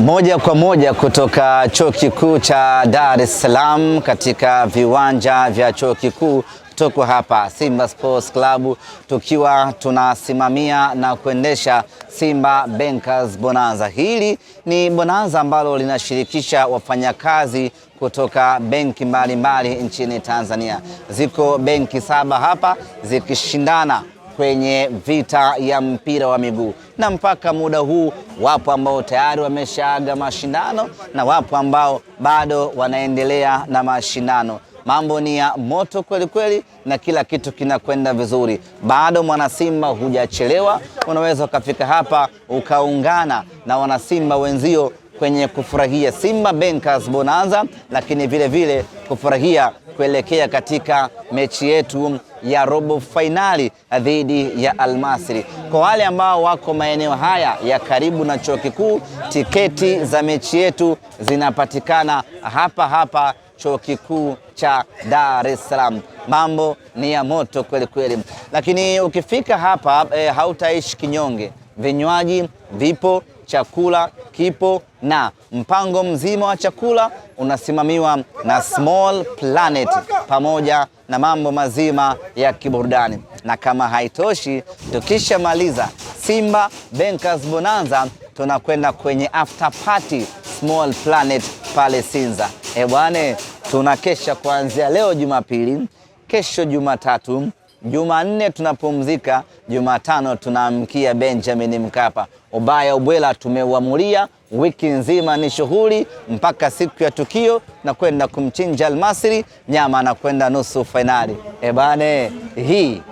Moja kwa moja kutoka chuo kikuu cha Dar es Salaam katika viwanja vya chuo kikuu. Tuko hapa Simba Sports Club tukiwa tunasimamia na kuendesha Simba Bankers Bonanza. Hili ni bonanza ambalo linashirikisha wafanyakazi kutoka benki mbalimbali nchini Tanzania. Ziko benki saba hapa zikishindana kwenye vita ya mpira wa miguu, na mpaka muda huu wapo ambao tayari wameshaaga mashindano na wapo ambao bado wanaendelea na mashindano. Mambo ni ya moto kweli kweli, na kila kitu kinakwenda vizuri. Bado mwanasimba, hujachelewa. Unaweza ukafika hapa ukaungana na wanasimba wenzio kwenye kufurahia Simba Bankers Bonanza, lakini vile vile kufurahia kuelekea katika mechi yetu ya robo fainali dhidi ya Almasri. Kwa wale ambao wako maeneo haya ya karibu na chuo kikuu, tiketi za mechi yetu zinapatikana hapa hapa chuo kikuu cha Dar es Salaam. Mambo ni ya moto kweli kweli, lakini ukifika hapa e, hautaishi kinyonge. Vinywaji vipo chakula kipo na mpango mzima wa chakula unasimamiwa na Small Planet pamoja na mambo mazima ya kiburudani. Na kama haitoshi, tukishamaliza Simba Bankers Bonanza, tunakwenda kwenye after party Small Planet pale Sinza. E tunakesha kuanzia leo Jumapili, kesho Jumatatu Jumanne tunapumzika, Jumatano tunaamkia Benjamin Mkapa. Ubaya ubwela tumeuamulia, wiki nzima ni shughuli mpaka siku ya tukio na kwenda kumchinja Almasri nyama na kwenda nusu fainali. Ebane, hii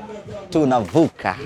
tunavuka.